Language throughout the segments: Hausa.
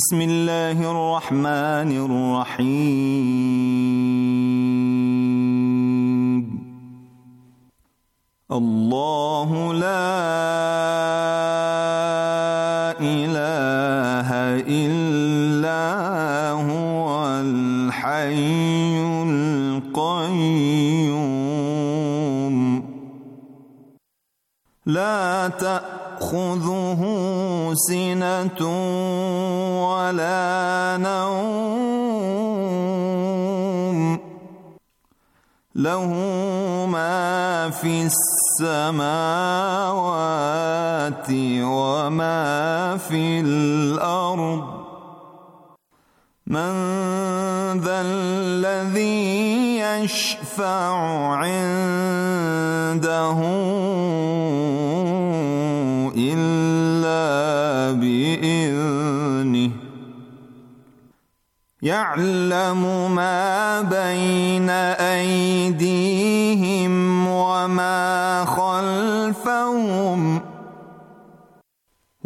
بسم الله ذا الذي يشفع عنده إلا بإذنه يعلم ما بين أيديهم وما خلفهم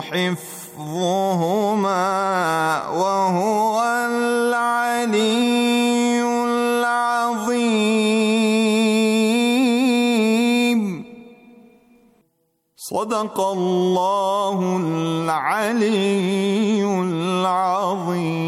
حفظهما وهو العلي العظيم صدق الله العلي العظيم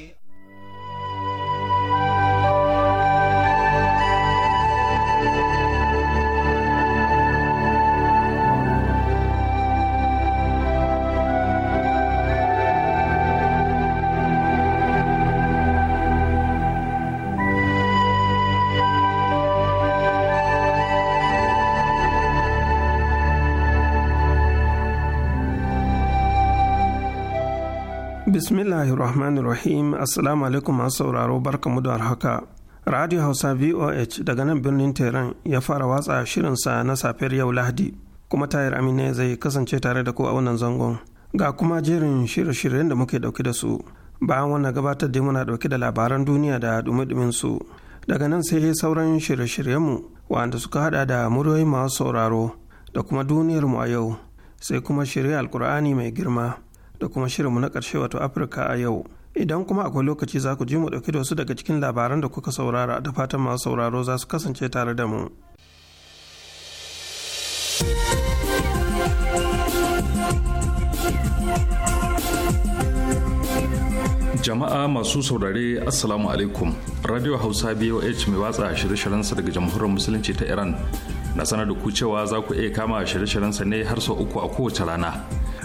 bismillahirrahmanirrahim assalamu alaikum masu sauraro barkamu da haka radio hausa voh daga nan birnin tehran ya fara watsa shirinsa na safiyar yau lahadi kuma tayar amina zai kasance tare da ko a wannan zangon ga kuma jerin shirye-shiryen da muke dauke da su bayan wannan gabatar da muna dauke da labaran duniya da dumi su daga nan sai sauran shirye-shiryenmu wanda suka hada da muryoyi masu sauraro da kuma duniyarmu a yau sai kuma shirye alkur'ani mai girma da kuma shirinmu na ƙarshe wato Afirka a yau. Idan kuma akwai lokaci za ku ji mu ɗauki da wasu daga cikin labaran da kuka saurara da fatan masu sauraro za su kasance tare da mu. jama'a masu saurare assalamu alaikum radio hausa boh mai watsa shirye-shiryensa daga jamhuriyar musulunci ta iran na sanar da ku cewa za ku iya kama shirye-shiryensa ne har sau uku a kowace rana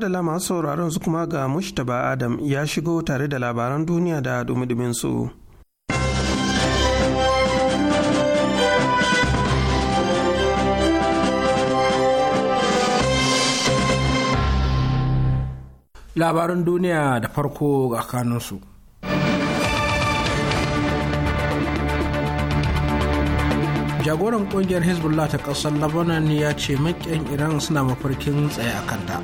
madala masu sauraron su kuma ga mushtaba adam ya shigo tare da labaran duniya da dumi su. labaran duniya da farko ga kanunsu jagoran kungiyar hezbollah ta kasar lebanon ya ce makiyan iran suna mafarkin tsaye a kanta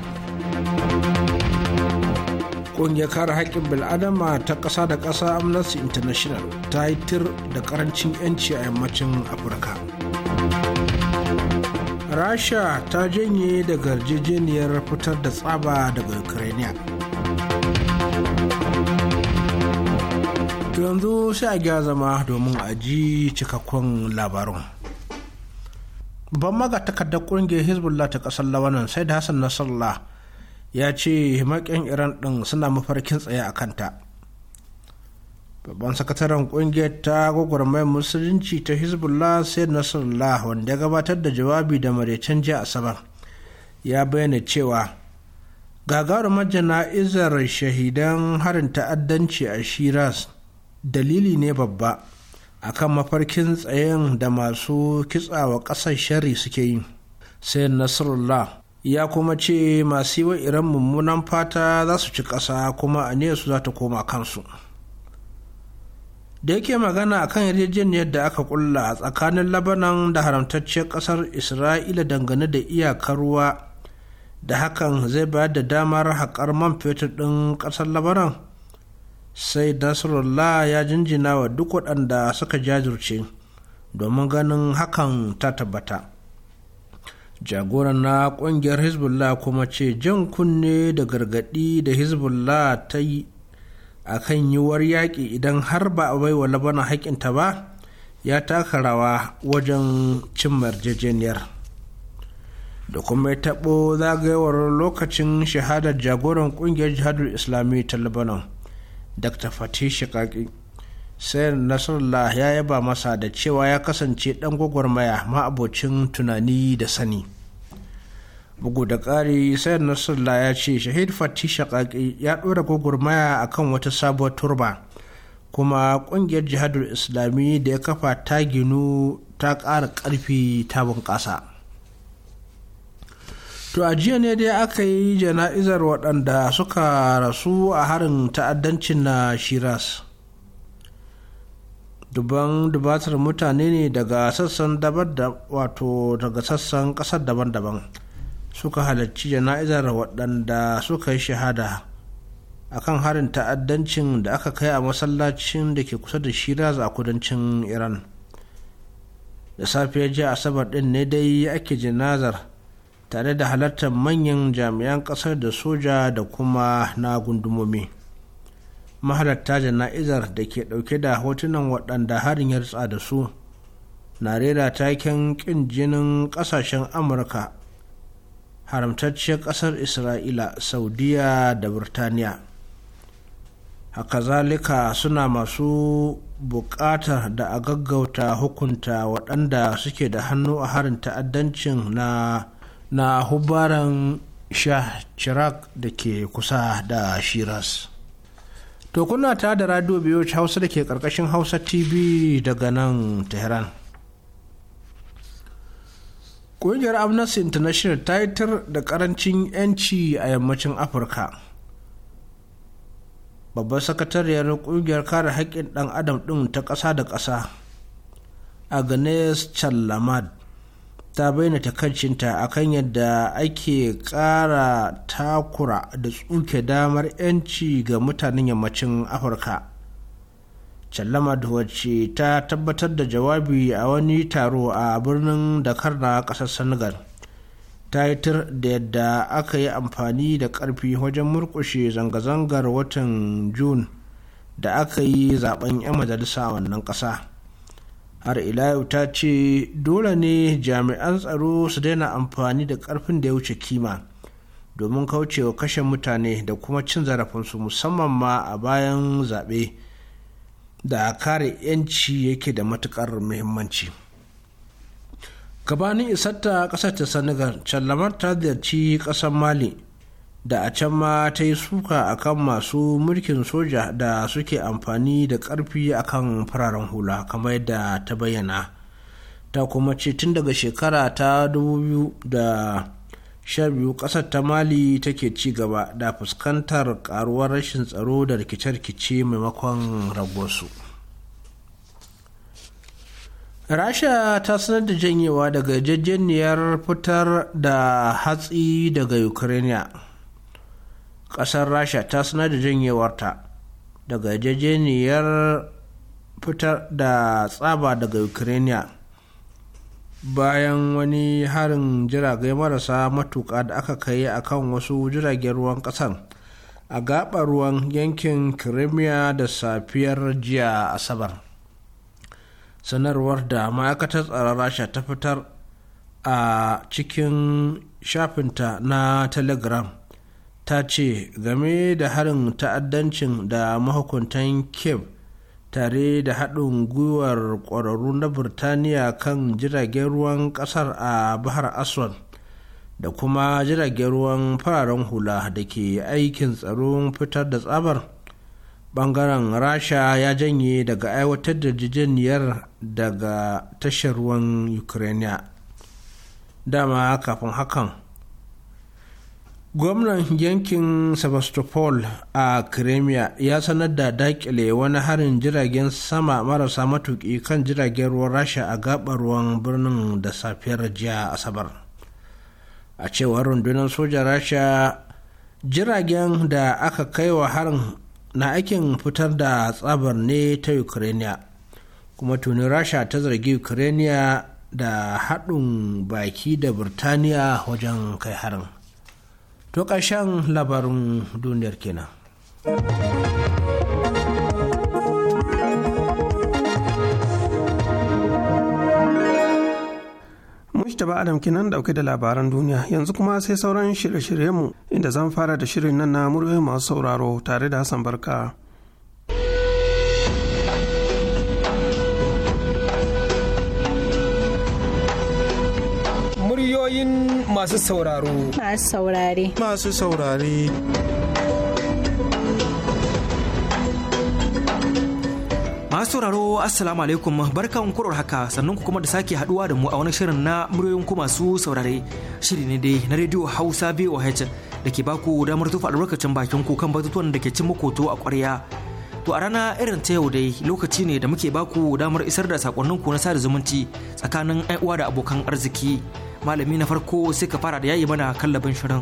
ƙungiyar kare haƙƙin bil'adama ta ƙasa da ƙasa amnesty international ta yi tir da ƙarancin 'yanci a yammacin afirka rasha ta janye daga yarjejeniyar fitar da tsaba daga ukraine yanzu sai a gya zama domin a ji cikakkun labarun. ban maga takardar ƙungiyar hezbollah ta ƙasar lawanan sai da hassan nasarallah ya ce maƙin iran din suna mafarkin tsaye a kanta babban sakataren ƙungiyar ta gwagwarmai musulunci ta hezbollah sai nasarallah wanda ya gabatar da jawabi da maraicen jiya asabar ya bayyana cewa gagarumar jana'izar shahidan harin ta'addanci a shiraz dalili ne babba akan mafarkin tsayen da masu kitsawa ƙasar shari suke yi sai nasrullah ya kuma ce masu yi wa iran mummunan fata za su ci ƙasa kuma a su za ta koma kansu da yake magana akan yarjejeniyar da aka kulla a tsakanin labanan da haramtacciyar ƙasar isra'ila dangane da iyakar ruwa da hakan zai bayar da damar haƙar man fetur ɗin ƙasar labanan sai nasarullah ya jinjina wa duk waɗanda suka jajirce domin ganin hakan ta tabbata. jagoran na kungiyar hezbollah kuma ce jan kunne da gargadi da hezbollah ta yi a kan yiwuwar yaƙi idan har ba a baiwa labana haƙinta ba ya taka rawa wajen cin yarjejeniyar da kuma ya taɓo zagayewar lokacin shahadar jagoran kungiyar jihadar islami ta lebanon dr fatih shikaki sayar nasarallah ya yaba masa da cewa ya kasance dan gwagwarmaya ma'abocin tunani da sani bugu da ƙari sayar nasarallah ya ce shahid fati shaƙaƙi ya ɗora gwagwarmaya a kan wata sabuwar turba kuma ƙungiyar jihadul islami da ya kafa ta ginu ta ƙara ƙarfi ta bunƙasa. to a jiya ne dai aka yi jana'izar waɗanda suka rasu a harin ta'addancin na shiras duban dubatar mutane ne daga sassan daban da wato daga sassan kasar daban-daban suka halarci jana'izar waɗanda suka yi shahada kan harin ta'addancin da aka kai a masallacin da ke kusa da shiraz a kudancin iran da safiyar jiya asabar ɗin ne dai ake jana'izar tare da halartar manyan jami'an ƙasar da soja da kuma na gundumomi mahalarta jana'izar da ke ɗauke da hotunan waɗanda harin ya ritsa da su na rera taken ƙin jinin ƙasashen amurka haramtacciyar ƙasar isra'ila saudiya da burtaniya haka zalika suna masu buƙatar da a gaggauta hukunta waɗanda suke da hannu a harin ta'addancin na na hubaran shah chirac da ke kusa da shiras To kuna ta da radio biyoci Hausa da ke karkashin Hausa TV daga nan Tehran. Ƙungiyar Amnesty International ta yi tar da ƙarancin 'yanci a yammacin Afirka. Babbar sakatariyar ƙungiyar kare haƙƙin ɗan adam ɗin ta ƙasa da ƙasa, Agnes Chalamad ta bayyana takaicinta akan yadda ake ƙara takura da tsuke damar 'yanci ga mutanen yammacin afirka Challama wacce ta tabbatar da jawabi a wani taro a birnin Dakar na ƙasar Senegal. Ta yi tir da yadda aka yi amfani da ƙarfi wajen murƙushe zanga-zangar watan Jun da aka yi zaben 'yan majalisa wannan ƙasa. har ila yau ta ce dole ne jami'an tsaro su daina amfani da karfin da ya wuce kima domin kaucewa kashe mutane da kuma cin zarafinsu musamman ma a bayan zaɓe da kare 'yanci yake da matukar muhimmanci gabanin isarta ƙasar ta senegal lamar ta ziyarci ƙasar mali da a can ma ta yi suka a kan masu mulkin soja da suke amfani da ƙarfi kan fararen hula kamar yadda ta bayyana ta kuma ce tun daga shekara ta sha biyu ƙasar ta mali take ci gaba da fuskantar karuwar rashin tsaro da rikice-rikice maimakon ragosu rasha ta sanar da janyewa daga jajjeniyar fitar da hatsi daga ukraine ƙasar rasha ta sanar da janyewarta daga yarjejeniyar fitar da tsaba daga ukraine bayan wani harin jirage marasa matuƙa da aka kai a kan wasu jiragen ruwan ƙasar a gaɓar ruwan yankin crimea da safiyar jiya asabar sanarwar da ma'aikatar tsaron rasha ta fitar a cikin shafinta na telegram ta ce game da harin ta'addancin da mahukuntan Kiev tare da haɗin gwiwar ƙwararru na burtaniya kan jiragen ruwan ƙasar a bahar aswan da kuma jiragen ruwan fararen hula da ke aikin tsaron fitar da tsabar ɓangaren rasha ya janye daga aiwatar da jijiniyar daga tashar ruwan ukraine dama kafin hakan gwamnan yankin sebastopol a crimea ya sanar da dakile wani harin jiragen sama marasa matuki kan jiragen ruwan rasha a gabar ruwan birnin da safiyar jiya asabar a cewar rundunar sojan rasha jiragen da aka kaiwa harin na aikin fitar da tsabar ne ta ukraine kuma tuni rasha ta zargi ukraine da haɗin baki da birtaniya wajen kai harin to ƙarshen labarin duniyar kenan. mustaba Adam kinan dauke da labaran duniya yanzu kuma sai sauran shirye-shiryenmu inda zan fara da shirin nan na muryoyi masu sauraro tare da Hassan Barka. Muryoyin masu sauraro. Masu saurare. Masu saurare. masu sauraro assalamu alaikum barkan kurar haka sannan ku kuma da sake haduwa da mu a wani shirin na muryoyin ku masu saurare shiri ne dai na rediyo hausa boh da ke baku damar tufa albarkacin bakin ku kan batutuwan da ke cin makoto a kwarya to a rana irin ta yau dai lokaci ne da muke baku damar isar da sakonnin ku na sada zumunci tsakanin uwa da abokan arziki malami na farko sai ka fara da yayi mana kallabin shirin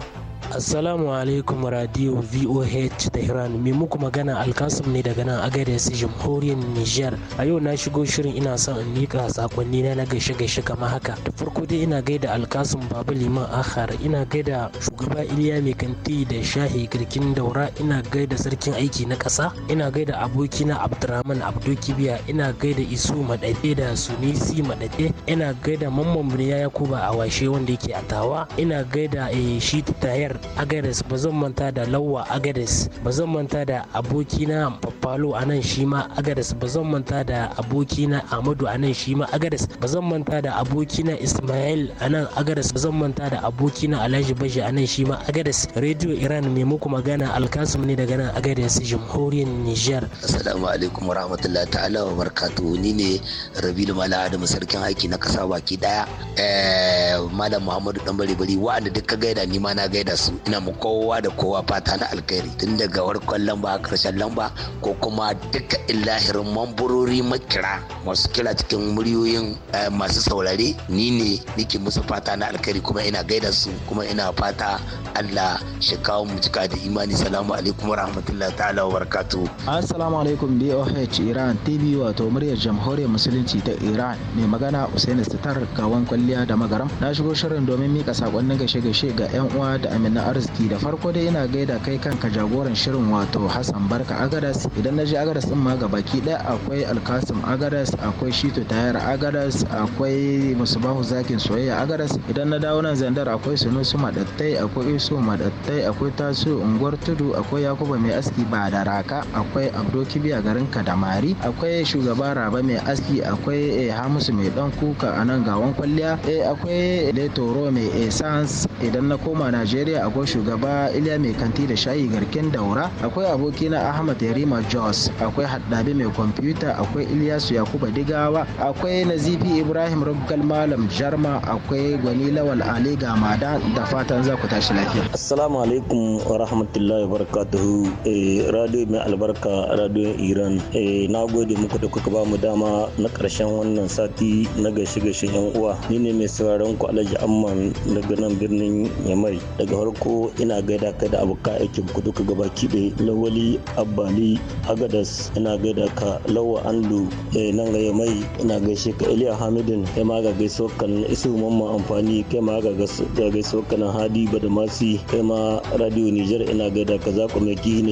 Assalamu alaikum radiyo VOH Tehran mai muku magana Alkasim ne daga nan Agadez jamhuriyar Nijar. A yau na shigo shirin ina son in mika sakonni na gaishe gaishe kamar haka. Da farko dai ina gaida Alkasim babu Liman Akhar, ina gaida shugaba Iliya Mai Kanti da Shahi Girkin Daura, ina gaida sarkin aiki na ƙasa, ina gaida abokina Abdurrahman Abdukibia. ina gaida Isu Madade da Sunisi Madade, ina gaida Mamman Buniya Yakuba washe wanda yake a Tawa, ina gaida eh, shi Tayar agares ba zan manta da lawa agares ba zan manta da abokina faffalo a nan shi ma agares ba zan manta da abokina amadu a nan shi ma agares ba zan manta da abokina ismail a nan agares ba zan manta da abokina alhaji bashi a nan shi ma agares radio iran mai muku magana alkasum ne daga nan agares jamhuriyar niger assalamu alaikum warahmatullahi ta'ala wa barakatuhu ni ne rabilu malam adamu sarkin aiki na kasa baki daya eh, malam muhammadu dan bari bari wa'anda duk ka gaida ni ma na gaida su ina mu kowa da kowa fata na alkhairi tun daga warkon lamba karshen lamba ko kuma duka illahirin mamburori makira masu kira cikin muryoyin eh, masu saurare ni ne nike musu fata na alkhairi kuma ina gaida su kuma ina fata Allah shi kawo mu cika da imani salamu alaikum rahmatullahi ta'ala wa barakatu assalamu alaikum BOH Iran TV wato muryar jamhuriyar musulunci ta Iran mai magana Usaini Sitar gawan kwalliya da magaram na shigo shirin domin mika sakonnin gashe-gashe ga yan uwa da amin na arziki da farko dai ina gaida kai kanka jagoran shirin wato hassan barka agadas idan na je agadas din ma baki ɗaya, akwai alkasim agadas akwai shito tayar agadas akwai musubahu zakin soyayya agadas idan na dawo nan zandar akwai sunusu madattai akwai isu madattai akwai tasu unguwar tudu akwai yakuba mai aski ba da raka akwai abdo kibiya garin kadamari akwai shugaba raba mai aski akwai eh, hamisu mai dan kuka a nan gawan kwalliya eh, akwai letoro mai essence idan na koma najeriya akwai shugaba iliya mai kanti da shayi garken daura akwai abokina ahmad yarima jos akwai haddabi mai kwamfuta akwai iliyasu yakuba digawa akwai nazifi ibrahim ruggal malam jarma akwai gwani lawal ali gamada da fatan za ku tashi lafiya assalamu alaikum wa rahmatullahi wa barakatuhu eh, radio mai albarka radio iran eh, na gode muku da kuka ba mu dama na karshen wannan sati na gaishe gashi yan uwa ni ne mai sauraron ku alhaji amman daga nan birnin yamai daga farko ina gaida ka da abokan aikin ku duka gabaki ɗaya lawali abbali agadas ina gaida ka lawa anlu eh, nan ga mai ina gaishe ka iliya hamidin kai ma ga gaisuwar kan isu mamman amfani kai ma ga gaisuwar kan hadi badamasi kai ma radio niger ina gaida ka zaku mai kihi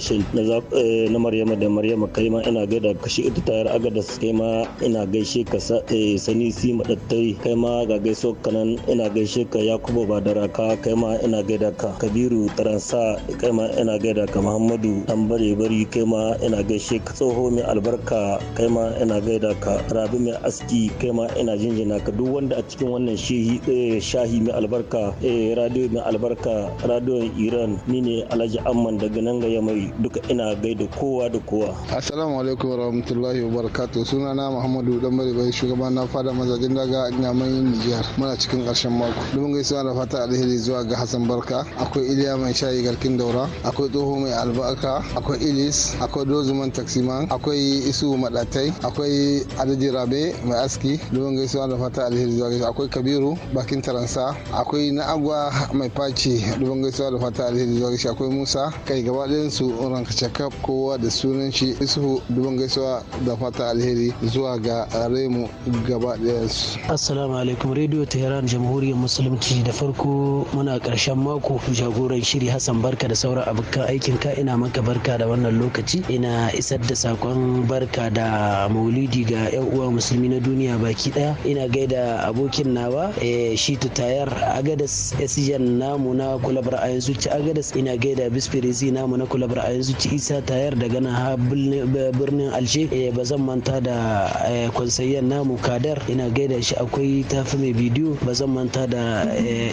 eh, na maryama da maryama kai ma ina gaida ka shi ita tayar agadas kai ma ina gaishe ka eh, sani si madattai kai ma ga gaisuwar kanan ina gaishe ka yakubu badaraka kai ma ina gaida ka kabiru taransa kai ma ina gaida ka muhammadu dan bare bari kai ma ina gaishe ka tsoho mai albarka kai ma ina gaida ka rabi mai aski kai ma ina jinjina ka duk wanda a cikin wannan eh, shahi mai albarka eh, radio mai albarka radio iran ni ne alhaji amman daga nan ga yamai duka ina gaida kowa da kowa assalamu alaikum warahmatullahi wabarakatuh sunana muhammadu dan bare bari shugaban na fada mazajin daga nyamai nijar muna cikin karshen mako dubin gaisuwa da fata alheri zuwa ga hasan barka akwai iliya mai shayi garkin daura akwai tsoho mai albarka akwai ilis akwai dozuman taksiman akwai isu madatai akwai adadi rabe mai aski domin gaisuwa da fata alheri zuwa gaisuwa akwai kabiru bakin taransa akwai na agwa mai faci domin gaisuwa da fata alheri zuwa gaisuwa akwai musa kai gaba ɗayan su ranka kowa da sunan shi isu domin gaisuwa da fata alheri zuwa ga remu gaba ɗayan su assalamu alaikum radio tehran jamhuriyar musulunci da farko muna ƙarshen mako jagoran shiri Hassan barka da sauran abokan aikin ka ina maka barka da wannan lokaci ina isar da sakon barka da maulidi ga yan uwa musulmi na duniya baki daya ina gaida abokin nawa eh, shi tayar agadas sjn namu na kulabar a yanzu ci agadas ina gaida bisfirizi namu na kulabar a yanzu ci isa tayar daga nan ha birnin e ba zan manta da eh, kwansayyan namu kadar ina gaida shi akwai tafi mai bidiyo ba zan manta da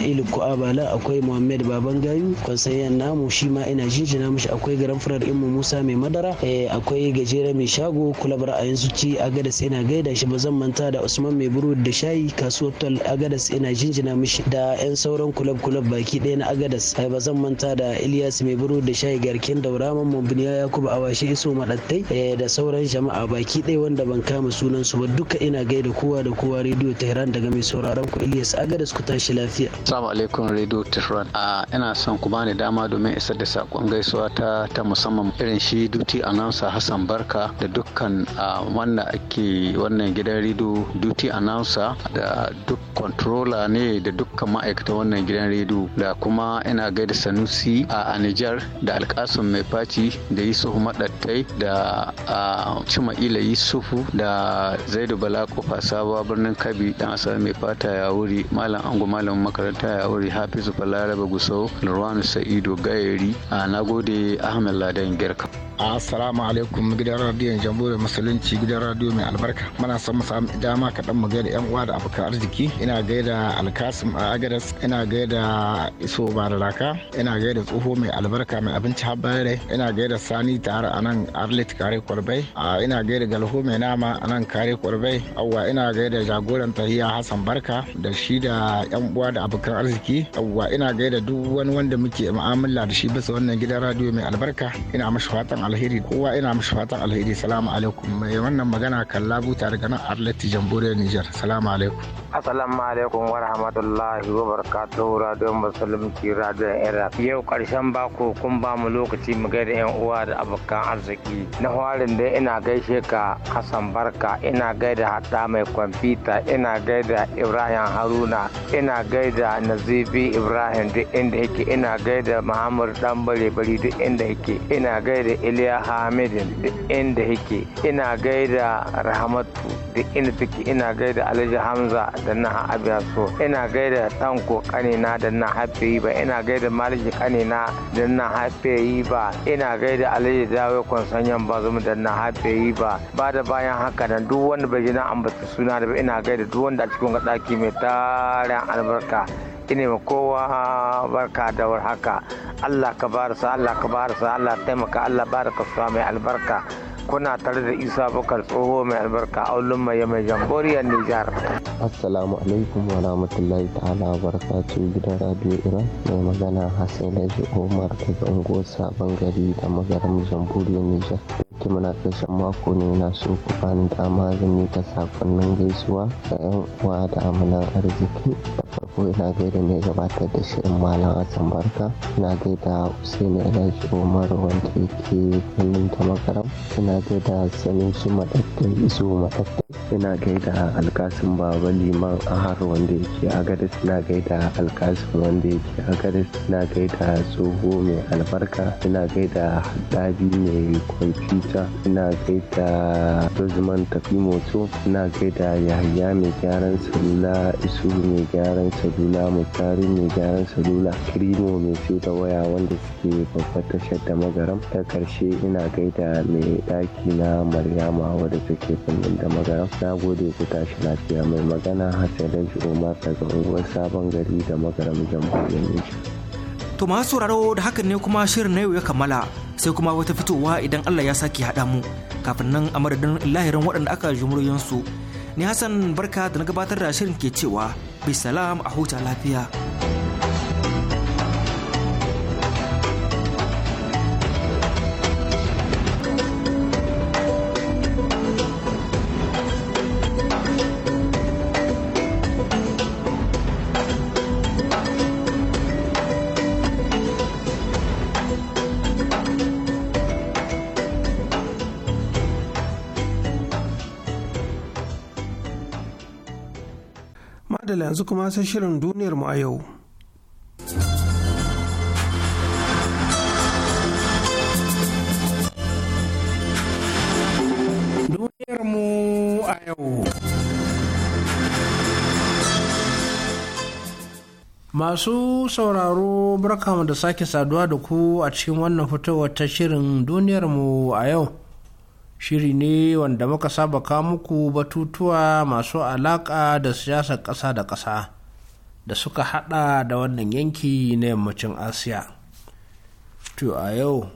iliku abala akwai muhammed baba baban gayu yan namu shi ma ina jinjina mishi akwai garan furar imu musa mai madara eh, akwai gajeren mai shago kulabar a yanzu ci agadas ina gaida shi ba zan manta da usman mai buru da shayi kasuwar Tal agadas ina jinjina mishi da yan sauran kulab kulab baki ɗaya na agadas ba zan manta da ilyas mai buru da shayi garken daura mamman ya yakubu awashi iso madattai eh, da sauran jama'a baki ɗaya wanda ban kama sunan su ba duka ina gaida kowa da kowa rediyo tehran daga mai sauraron ku ilyas agadas ku tashi lafiya assalamu alaikum rediyo tehran a ah, ina son ku bani dama domin isar da sakon gaisuwa ta ta musamman irin shi duty announcer Hassan Barka da dukkan wannan ake wannan gidan rido duty announcer da duk controller ne da dukkan ma'aikatan wannan gidan rido da kuma ina gaida Sanusi a Anijar da Alkasun Mai Faci da Yusuf Madattai da ila Yusuf da Zaidu Bala Kofa Sabuwa Birnin Kabi dan Asami Mai Fata ya wuri Malam Angu Malam Makaranta ya wuri Hafizu Balaraba Gusau Nurwani Sa'idu Gayeri, a nagode Ahmed Ladan Girka. Assalamu alaikum gidan radiyon jamhuriyar musulunci gidan radiyo mai albarka muna son mu samu dama kaɗan mu gaida ƴan uwa da abokan arziki ina gaida alkasim a agadas ina gaida iso bararaka ina gaida tsoho mai albarka mai abinci habbare ina gaida sani tare a nan arlit kare kwarbai ina gaida galho mai nama a nan kare kwarbai awwa ina gaida jagoran tahiya hassan barka da shi da ƴan uwa da abokan arziki awwa ina gaida duk duk wani wanda muke mu'amala da shi bisa wannan gidan radio mai albarka ina mashi fatan alheri kowa ina mashi fatan alheri salamu alaikum mai wannan magana kalla buta daga nan arleti jamhuriyar niger salamu alaikum assalamu alaikum wa rahmatullahi wa barakatuhu radio musulunci radio era yau karshen bako kun ba mu lokaci mu gaida yan uwa da abokan arziki na harin da ina gaishe ka hassan barka ina gaida hada mai kwamfuta ina gaida ibrahim haruna ina gaida nazibi ibrahim duk inda yake ina gaida muhammad dan bare bari duk inda yake ina gaida iliya hamidin duk inda yake ina gaida rahmatu duk inda take ina gaida alhaji hamza da na so ina gaida dan kokani na da na yi ba ina gaida malaji kani na da na yi ba ina gaida alhaji dawo konsanyan bazum da na yi ba ba da bayan haka nan duk wanda bai ji na ambata suna da ina gaida duk wanda a cikin daki mai tarin albarka ne ma kowa barka da haka Allah ka barasa Allah ka barasa Allah taimaka Allah barka su mai albarka kuna tare da isa bakar tsoho mai albarka aulun mai mai jamboriyar nijar assalamu alaikum wa rahmatullahi ta'ala wa barakatuhu gidan radio iran mai magana hassan laji umar daga unguwar sabon gari da magaram jamhuriyar nijar yake muna ƙarshen mako ne na so ku bani dama zan yi ta sakonnin gaisuwa ga yan uwa da amanan arziki da farko ina gaida mai gabatar da shirin malam hassan barka ina gaida usaini alhaji umar wanda yake kullum ta makaram ina gaida su madattai iso madattai ina gaida alkasin baba liman a ahar wanda yake agadis ina gaida alkasin wanda yake agadis ina gaida tsoho mai albarka ina gaida haddabi mai kwamfuta ina gaida dozman tafi moto ina gaida yahaya mai gyaran salula isu mai gyaran salula mutari mai gyaran salula kirimo mai sai da waya wanda suke babbar tashar da magaram da karshe ina gaida mai ɗaki na Maryama wadda take kundin da magana. Na gode ku tashi lafiya mai magana Hassan Daji Umar daga unguwar Sabon Gari da Magaram Jamhuriyar Nijar. To masu sauraro da hakan ne kuma shirin na yau ya kammala sai kuma wata fitowa idan Allah ya sake haɗa mu kafin nan a madadin lahirin waɗanda aka su Ni Hassan barka da na gabatar da shirin ke cewa bisalam a huta lafiya. yanzu kuma sai shirin duniyar mu a yau. a yau. Masu sauraro barkamu da sake saduwa da ku a cikin wannan fitowar ta shirin duniyar mu a yau. shiri ne wanda muka saba kawo muku batutuwa masu alaƙa da siyasar ƙasa da ƙasa da suka haɗa da wannan yanki na yammacin asiya to a yau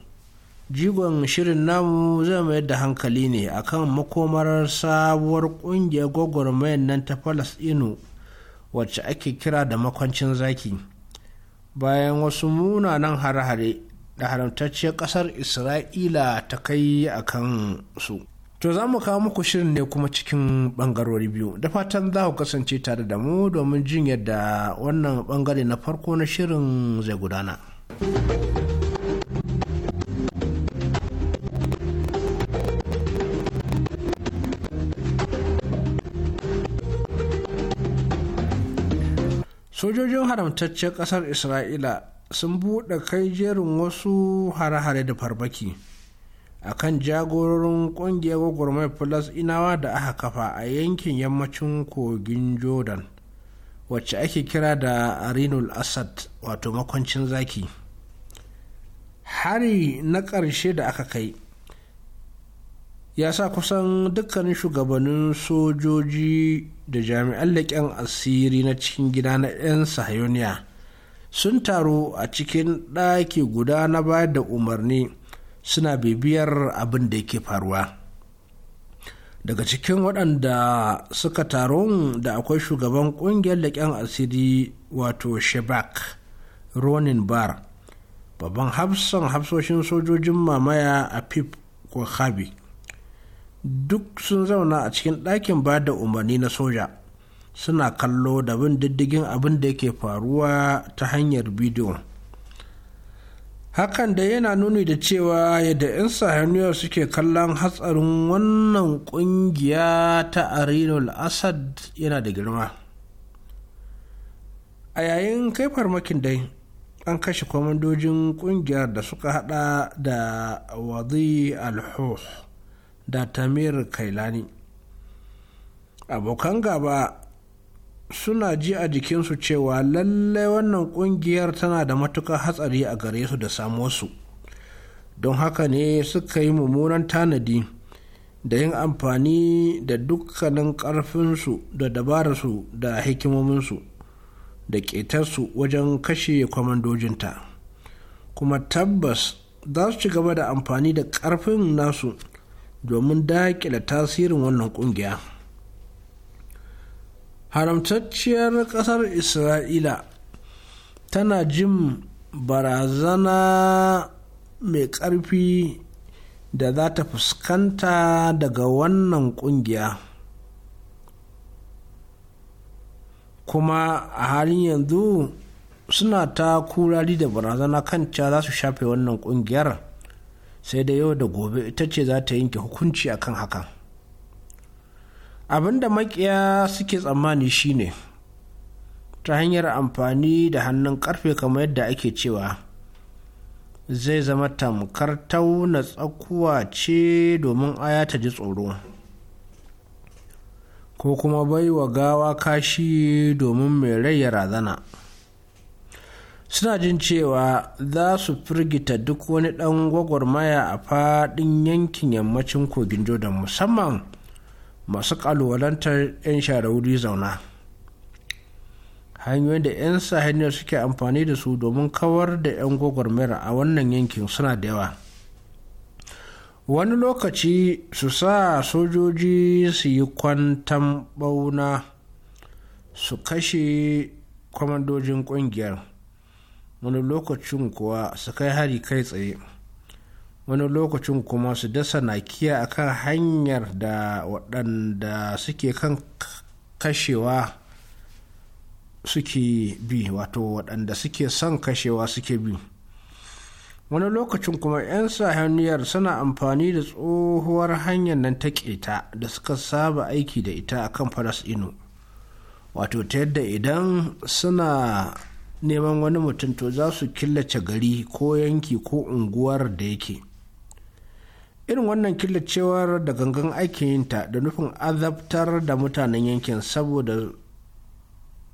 jigon shirin namu zai mayar da hankali ne akan makomar sabuwar ƙungiyar gwagwarmayar nan ta falasɗinu wacce ake kira da makwancin zaki bayan wasu munanan hare-hare da haramtacciyar ƙasar isra'ila ta kai a kan su to za mu kawo muku shirin ne kuma cikin ɓangarori biyu da fatan za ku kasance tare da mu domin jin yadda wannan ɓangare na farko na shirin zai gudana sojojin haramtacciyar ƙasar isra'ila sun buɗe kai jerin wasu hare-hare da farmaki a kan jagororin ƙungiyar gwagwarmar plus inawa da aka kafa a yankin yammacin kogin jordan wacce ake kira da arinul asad wato makwancin zaki hari na ƙarshe da aka kai ya sa kusan dukkanin shugabannin sojoji da jami'an leƙen asiri na cikin gida na 'yan sahayoniya sun taru a cikin ɗaki guda na bayar da umarni suna bibiyar abin da yake faruwa daga cikin waɗanda suka taru da akwai shugaban ƙungiyar leƙen asiri wato shebak ronin bar babban hafsan hafsoshin sojojin mamaya a pip ko duk sun zauna a cikin ɗakin ba da umarni na soja suna kallo da bin diddigin abin da yake faruwa ta hanyar bidiyo hakan da yana nuni da cewa yadda 'yan sahaniyar suke kallon hatsarin wannan kungiya ta arinul asad yana da girma a yayin kai farmakin dai an kashe kwamandojin kungiyar da suka hada da wadi alhus da tamir kailani abokan gaba suna ji a jikinsu cewa lallai wannan kungiyar tana da matuƙar hatsari a gare su da samo su don haka ne suka yi mummunan tanadi da yin amfani da dukkanin ƙarfinsu da dabararsu da hikimominsu da ƙetarsu wajen kashe kwamandojinta kuma tabbas za su ci gaba da amfani da ƙarfin nasu domin daƙila tasirin wannan ƙungiya. haramtacciyar ƙasar isra'ila tana jin barazana mai ƙarfi da za ta fuskanta daga wannan ƙungiya kuma a halin yanzu suna ta kurari da barazana kan cewa za su shafe wannan ƙungiyar sai da yau da gobe ita ce za ta yanke hukunci akan hakan abin da makiya suke tsammani shine ta hanyar amfani da hannun karfe kamar yadda ake cewa zai zama tamkar tauna tsakuwa ce domin aya ta ji tsoro ko kuma bai wa gawa kashi domin mai rai ya razana suna jin cewa za su firgita duk wani ɗan gwagwarmaya a faɗin yankin yammacin kogin jordan musamman masu kalwalantar 'yan shara'udi zauna hanyoyin da 'yan sahaniyar suke amfani da su domin kawar da 'yan gwagwarmayar a wannan yankin suna da yawa wani lokaci su sa sojoji su yi kwantan bauna su kashe kwamandojin kungiyar wani lokacin kuwa su kai hari kai tsaye wani lokacin kuma su dasa nakiya akan hanyar da waɗanda suke kan kashewa suke bi wato waɗanda suke son kashewa suke bi wani lokacin kuma 'yan sahaniyar suna amfani da tsohuwar hanyar nan ta keta da suka saba aiki da ita a kan faras ino wato ta yadda idan suna neman wani mutum to za su killace gari ko yanki ko unguwar da yake irin wannan killacewar da gangan aikin yinta da nufin azabtar da mutanen yankin saboda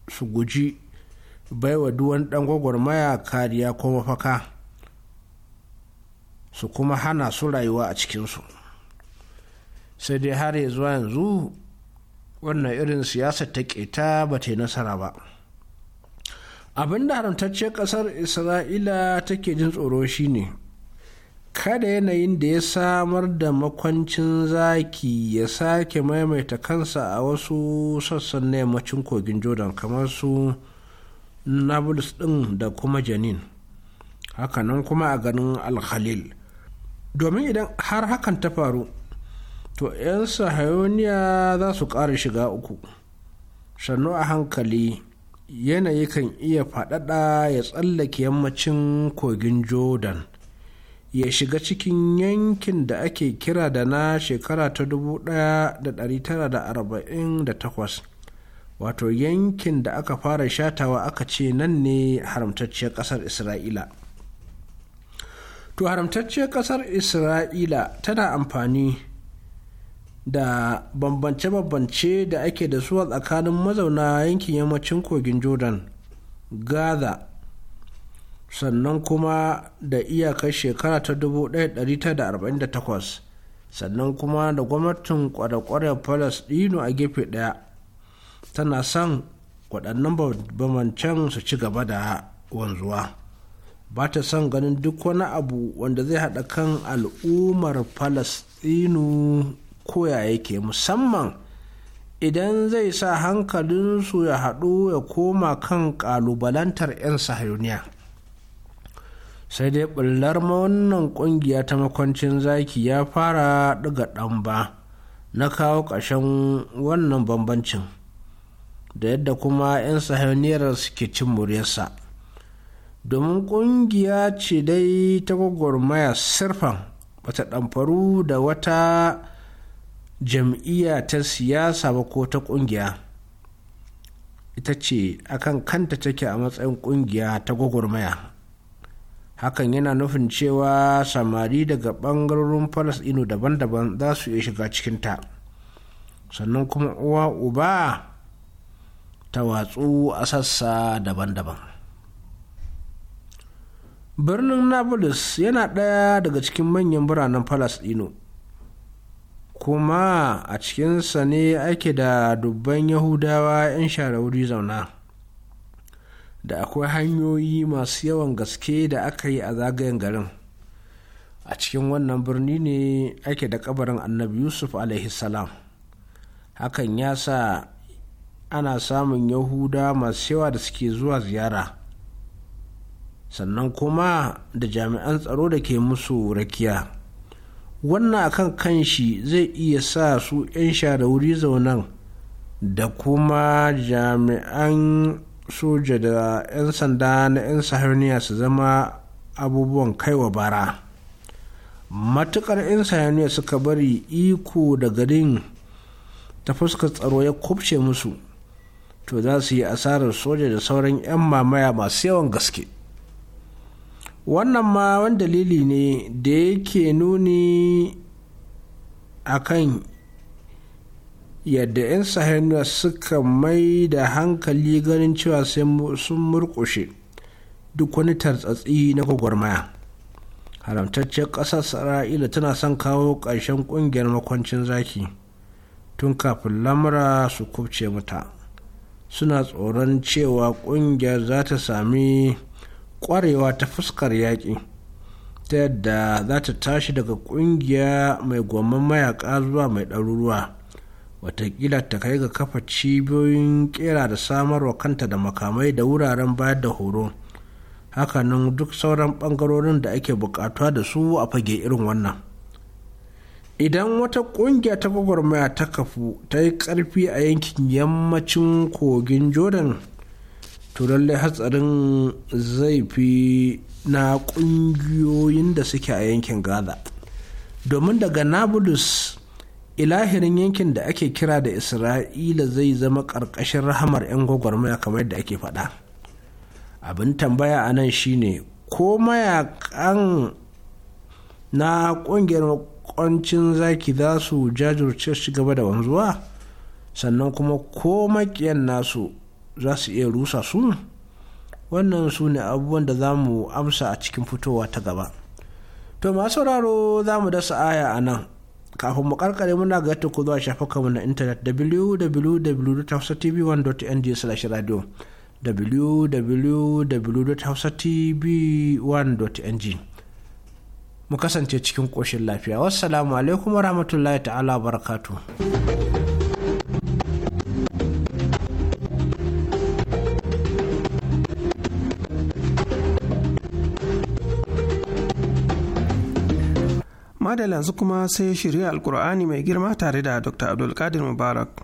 su guji baiwa duwan dan gwagwarmaya kariya ko mafaka su kuma hana su rayuwa a cikinsu sai dai har ya zuwa yanzu wannan irin siyasa ta keta ba ta yi nasara ba abinda da haramtacce kasar isra'ila take jin tsoro shine kada yanayin da ya samar da makwancin zaki ya sake maimaita kansa a wasu sassan na yammacin kogin jordan kamar su nablus ɗin da kuma janin hakanan kuma a ganin alkhalil domin idan har hakan ta faru to 'yan sahayoniya za su ƙara shiga uku sannu a hankali yanayi kan iya faɗaɗa ya tsallake yammacin kogin jordan ya shiga cikin yankin da ake kira da na shekara ta 1948 wato yankin da aka fara shatawa aka ce nan ne haramtacciyar ƙasar isra'ila to haramtacciyar ƙasar isra'ila tana amfani da bambance-bambance da ake da su a tsakanin mazauna yankin yammacin kogin jordan gaza sannan kuma da iyakar shekara ta 1948 sannan kuma da gwamnatin kwada-kwada dinu a gefe ɗaya tana son waɗannan bamancen su ci gaba da wanzuwa ba ta son ganin duk wani abu wanda zai haɗa kan al'ummar palestino koya yake musamman idan zai sa hankalinsu ya haɗu ya koma kan ƙalubalantar 'yan sahayuniya. sai dai ɓullar ma wannan ƙungiya ta makwancin zaki ya fara ɗiga ɗan ba na kawo ƙarshen wannan bambancin da yadda kuma 'yan sahaniyar suke cin muryarsa domin ƙungiya ce dai ta gwagwarmaya sirfan bata ɗamfaru da wata jam'iyya ta siyasa ba ko ta ƙungiya ita ce akan kanta take a matsayin ƙungiya ta gwagwarmaya hakan yana nufin cewa samari daga ɓangarorin falasɗinu daban-daban za su iya shiga cikinta sannan kuma uwa uba ta watsu a sassa daban-daban birnin nablus yana ɗaya daga cikin manyan biranen falasɗinu kuma a cikinsa ne ake da dubban yahudawa 'yan shara wuri zauna da akwai hanyoyi masu yawan gaske da aka yi a zagayen garin a cikin wannan birni ne ake da kabarin annabi yusuf salam hakan ya sa ana samun yahuda masu yawa da suke zuwa ziyara sannan kuma da jami'an tsaro da ke musu rakiya wannan akan kanshi zai iya sa su 'yan da wuri zaunan da kuma jami'an soja da 'yan sanda na 'yan sahariya su zama abubuwan kaiwa bara matukar 'yan sahariya suka bari iko da garin ta fuskar tsaro ya kubce musu to za su yi asarar soja da sauran 'yan mamaya masu yawan gaske wannan ma wani dalili ne da yake nuni a kan yadda 'yan sahiyar suka mai da hankali ganin cewa sai sun murkushe duk wani tartsatsi na gwagwarmaya haramtaccen ƙasar sara'ila tana son kawo ƙarshen ƙungiyar makwancin zaki tun kafin lamura su kubce mata suna tsoron cewa ƙungiyar za ta sami ƙwarewa ta fuskar yaƙi ta yadda za ta tashi daga ƙungiya mai gwamman mayaka zuwa mai ɗaruruwa watakila ta kai ga kafa cibiyoyin kera da samarwa kanta da makamai da wuraren bayar da horo hakanan duk sauran bangarorin da ake bukatuwa da su a fage irin wannan idan wata kungiya ta gwagwarmaya ta kafu ta yi karfi a yankin yammacin kogin jordan to lallai hatsarin zai fi na kungiyoyin da suke a yankin gaza domin daga nabulus. ilahirin yankin da ake kira da isra'ila zai zama ƙarƙashin rahamar 'yan gwagwarmaya kamar da ake faɗa abin tambaya a nan shine ko mayakan na ƙungiyar makwancin zaki za su jajirce su gaba da wanzuwa sannan kuma ko makiyan nasu za su iya rusa su wannan su ne abubuwan da za mu amsa a cikin fitowa ta gaba to masu sauraro za mu dasa aya a nan kafin mu karkare muna ga ku zuwa shafukanmu na intanet www.hausatv1.ng/radio www.hausatv1.ng mu kasance cikin ƙoshin lafiya wassalamu alaikum warahmatullahi ta'ala barakatuhu madalla yanzu kuma sai shirya alkur'ani mai girma tare da dr abdulkadir mubarak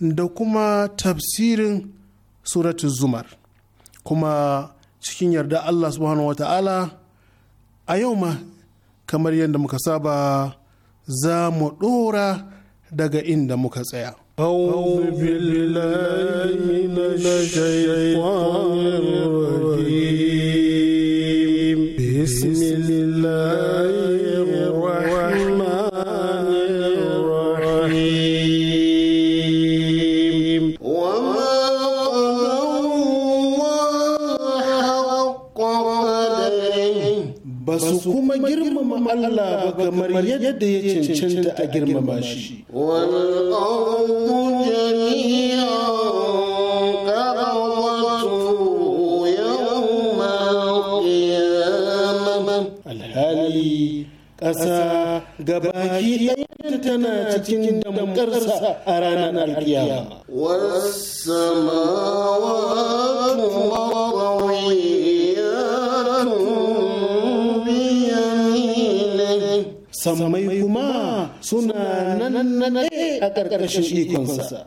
da kuma tafsirin suratul zumar kuma cikin yarda Allah subhanahu wa ta'ala a yau ma kamar yadda muka saba za mu ɗora daga inda muka tsaya. أعوذ بسم الله su kuma girmama Allah ba kamar yadda ya cancanta a girmama shi alhali ƙasa gabaki ɗaya tana cikin damƙarsa a ranar alkiyama. Wasu samawa sammai kuma suna nan a ƙarƙashin ikonsa.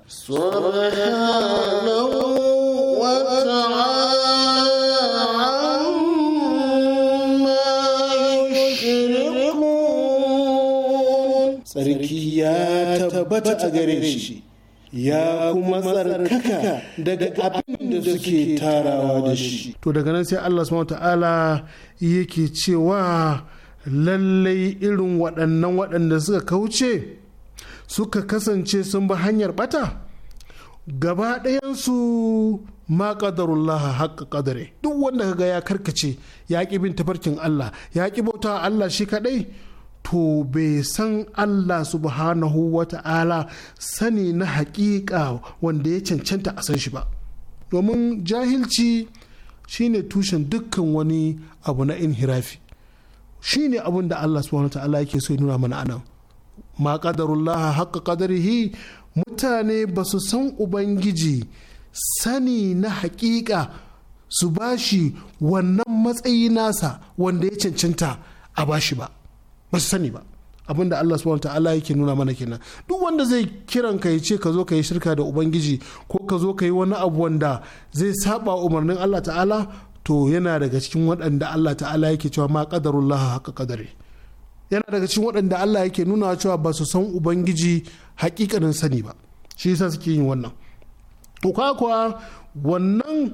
Tsarki ya tabbata a gare shi, ya kuma tsarkaka daga abin da suke tarawa da shi. To daga nan sai Allah subhanahu yake cewa lallai irin waɗannan waɗanda suka kauce suka kasance sun bi hanyar ɓata gaba ɗayansu ma ƙadarullaha haƙa ƙadare duk wanda kaga ya karkace ya ƙi bin tafarkin Allah ya ƙi bauta Allah shi kaɗai to bai san Allah subhanahu wa ta'ala sani na haƙiƙa wanda ya cancanta a san shi ba domin jahilci shine tushen dukkan wani abu na inhirafi Shi ne abin da Allah subhanahu wa ta'ala yake so ya nuna mana anan ma qadarullaha haqqa qadarihi mutane ba su san ubangiji sani na haƙiƙa su bashi wannan matsayi nasa wanda ya cancanta a bashi ba ba su sani ba abin da Allah subhanahu ta'ala yake nuna mana kenan duk wanda zai kiran ka ce ka zo ka yi shirka da ubangiji ko ka zo ka yi wani abu wanda zai saba umarnin Allah ta'ala to yana daga cikin waɗanda Allah ta'ala yake cewa ma qadarullah haka ƙadare yana daga cikin waɗanda Allah yake nuna cewa ba su san ubangiji haƙiƙanin sani ba shi yasa suke yin wannan to wannan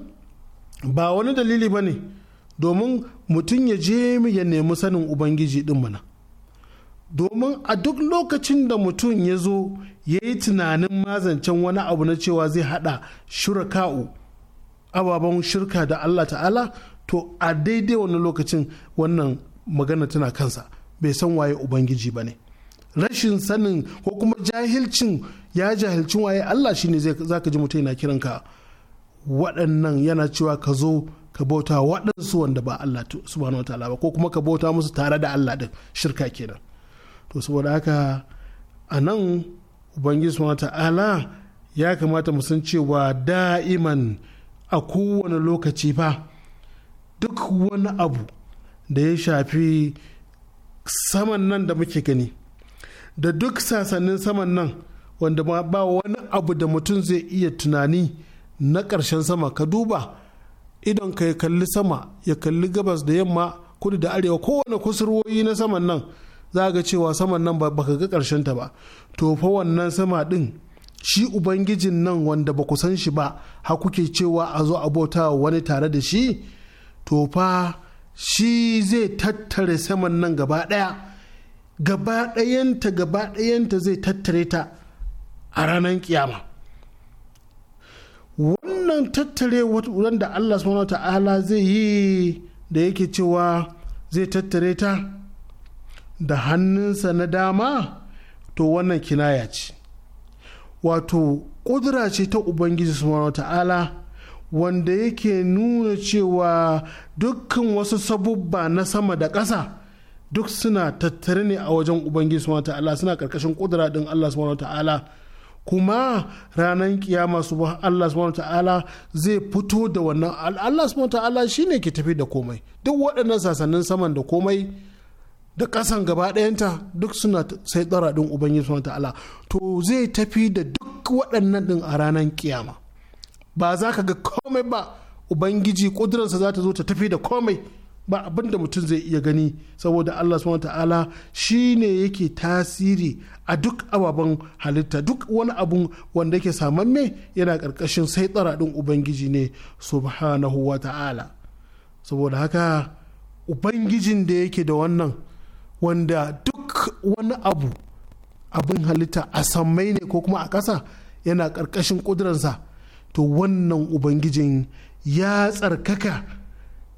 ba wani dalili ba ne domin mutum ya je ya nemi sanin ubangiji din mana domin a duk lokacin da mutum ya zo ya yi tunanin mazancen wani abu na cewa zai hada shuraka'u ababen shirka da Allah ta'ala to a daidai wani lokacin wannan magana tana kansa bai san waye ubangiji ba ne rashin sanin ko kuma jahilcin ya jahilcin waye Allah shine za ka ji mutum yana ka waɗannan yana cewa ka zo ka bauta waɗansu wanda ba Allah subhanahu wataala ba ko kuma ka bauta musu tare da Allah din shirka kenan to saboda haka a nan ubangiji subhanahu wataala ya kamata mu san cewa da'iman a kowane lokaci fa duk wani abu da ya shafi saman nan da muke gani da duk sasannin saman nan wanda ba wani abu da mutum zai iya tunani na ƙarshen sama ka duba idan ka ya kalli sama ya kalli gabas da yamma kudu da arewa kowane kusurwoyi na saman nan za ga cewa saman nan ba ka ga karshen ta ba to fa wannan sama din. shi ubangijin nan wanda ba ku san shi ba har kuke cewa a zo abota wani tare da shi to fa shi zai tattare saman nan gaba ɗaya gaba ɗayanta gaba ɗayanta zai tattare ta a ranar kiyama wannan tattare wanda allah subhanahu ta'ala zai yi da yake cewa zai tattare ta da hannunsa na dama to wannan kinaya ce wato ƙudura ce ta ubangiji subhanahu ta'ala wanda yake nuna cewa dukkan wasu sabubba na sama da ƙasa duk suna tattare ne a wajen ubangiji subhanahu ta'ala suna ƙarƙashin ƙudura ɗin Allah subhanahu ta'ala kuma ranar kiyama subhanahu Allah subhanahu ta'ala zai fito da wannan Allah subhanahu ta'ala shine ke tafi da komai duk waɗannan sasannin saman da komai da ƙasan gaba ɗayanta duk suna sai tsara ɗin ubangiji subhanahu ta'ala to zai tafi da duk waɗannan ɗin a ranar kiyama ba za ka ga komai ba ubangiji ƙudurarsa za ta zo ta tafi da komai ba abin da mutum zai iya gani saboda Allah subhanahu ta'ala shi ne yake tasiri a duk ababen halitta duk wani abun wanda yake saman me yana ƙarƙashin sai tsara ɗin ubangiji ne subhanahu wa ta'ala saboda haka ubangijin da yake da wannan wanda duk wani abu abin halitta a sammai ne ko kuma a ƙasa yana ƙarƙashin ƙudurarsa to wannan ubangijin ya tsarkaka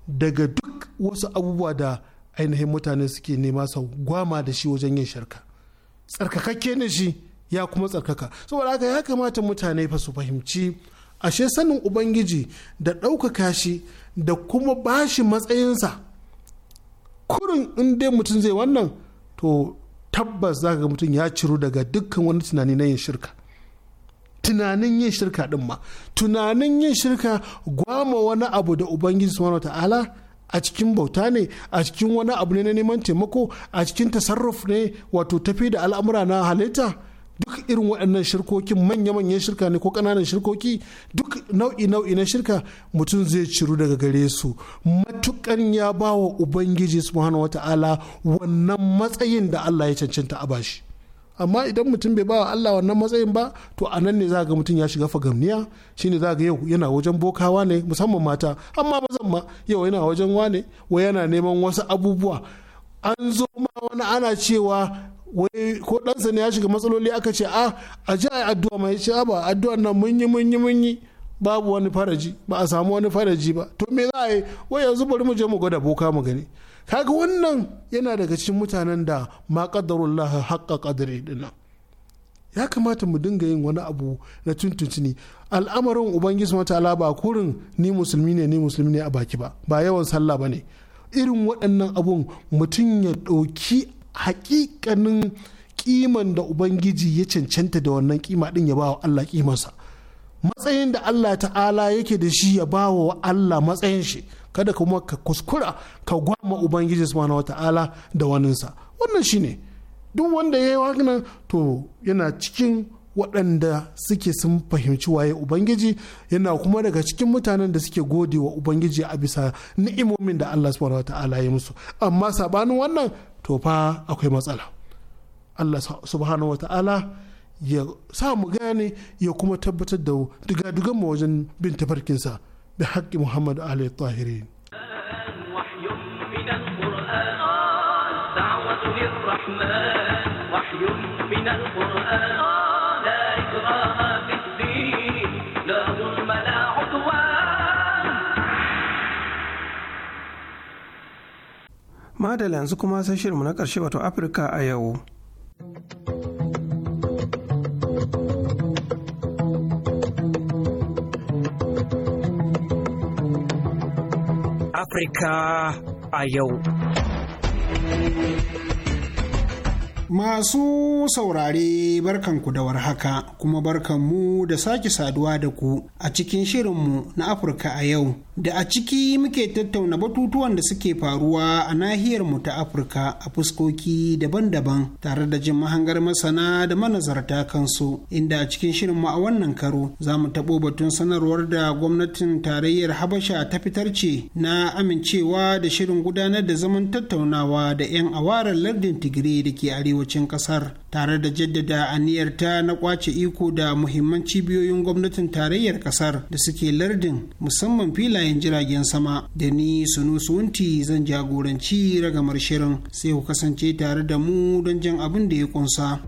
daga duk wasu abubuwa da ainihin mutane suke nema sau gwama da shi wajen yin sharka tsarkakakke ne shi ya kuma tsarkaka saboda haka ya kamata mutane fa su fahimci ashe sanin ubangiji da ɗaukaka shi da kuma bashi matsayinsa kurin in dai mutum zai wannan to tabbas za ga mutum ya ciro daga dukkan wani tunani na yin shirka tunanin yin shirka din ma tunanin yin shirka gwama wani abu da ubangiji subhanahu ta'ala a cikin bauta ne a cikin wani abu ne na neman taimako a cikin tasarruf ne wato tafi da al'amura na halitta duk irin waɗannan shirkokin manya-manyan shirka ne ko ƙananan shirkoki duk nau'i nau'i na shirka mutum zai ciru daga gare su matukan ya ba wa ubangiji subhanahu wata'ala wannan matsayin da Allah ya cancanta a bashi amma idan mutum bai bawa Allah wannan matsayin ba to a nan ne za ga mutum ya shiga fagamniya shine za ga yau yana wajen bokawa ne musamman mata amma zan ma yau yana wajen wane wa yana neman wasu abubuwa an zo ma wani ana cewa wai ko ɗansa ne ya shiga matsaloli aka ce a ah, a ji a addu'a mai ce ba addu'a nan mun yi mun yi mun yi babu wani faraji ba a samu wani faraji ba to me za a yi wai yanzu bari mu je mu gwada boka mu gani kaga wannan yana daga cikin mutanen da ma qaddarullah haqqa qadri dinnan ya kamata mu dinga yin wani abu na tuntuntuni al'amarin ubangiji wata ba kurin ni musulmi ne ni musulmi ne a baki ba ba yawan sallah ba ne irin waɗannan abun mutum ya ɗauki hakikanin kiman da ubangiji ya cancanta da wannan kima din ya bawa Allah kimansa matsayin da Allah ta'ala yake da shi ya bawa Allah matsayin shi kada kuma ka kuskura ka gwama ubangiji subhanahu wata'ala da waninsa wannan shine duk wanda ya yi wannan to yana cikin waɗanda suke sun fahimci waye ubangiji yana kuma daga cikin mutanen da suke gode wa ubangiji a bisa ni'imomin da Allah subhanahu wata'ala ya musu amma sabanin wannan to fa akwai matsala allah subhanahu wata'ala ya sa mu gane ya kuma tabbatar da diga mu wajen bin tafarkinsa da haƙƙi muhammad alayhi tahiri الرحمن madala yanzu kuma sai shirinmu na ƙarshe wato afirka a yau Afirka a yau. Masu saurare barkanku da warhaka kuma barkanmu da sake saduwa da ku a cikin shirinmu na Afirka a yau da a ciki muke tattauna batutuwan da suke faruwa a nahiyar mu ta Afirka a fuskoki daban-daban tare da jin mahangar masana da manazarta kansu inda a cikin shirin mu a wannan karo za mu taɓo batun sanarwar da gwamnatin tarayyar Habasha ta fitar ce na amincewa da shirin gudanar da zaman tattaunawa da 'yan awarar lardin Tigray da ke arewacin ƙasar tare da jaddada aniyarta na kwace iko da muhimman cibiyoyin gwamnatin tarayyar ƙasar da suke lardin musamman filayen filayen jiragen sama da ni sunu sunti zan jagoranci ragamar shirin sai ku kasance tare da mu don jan abin da ya kunsa.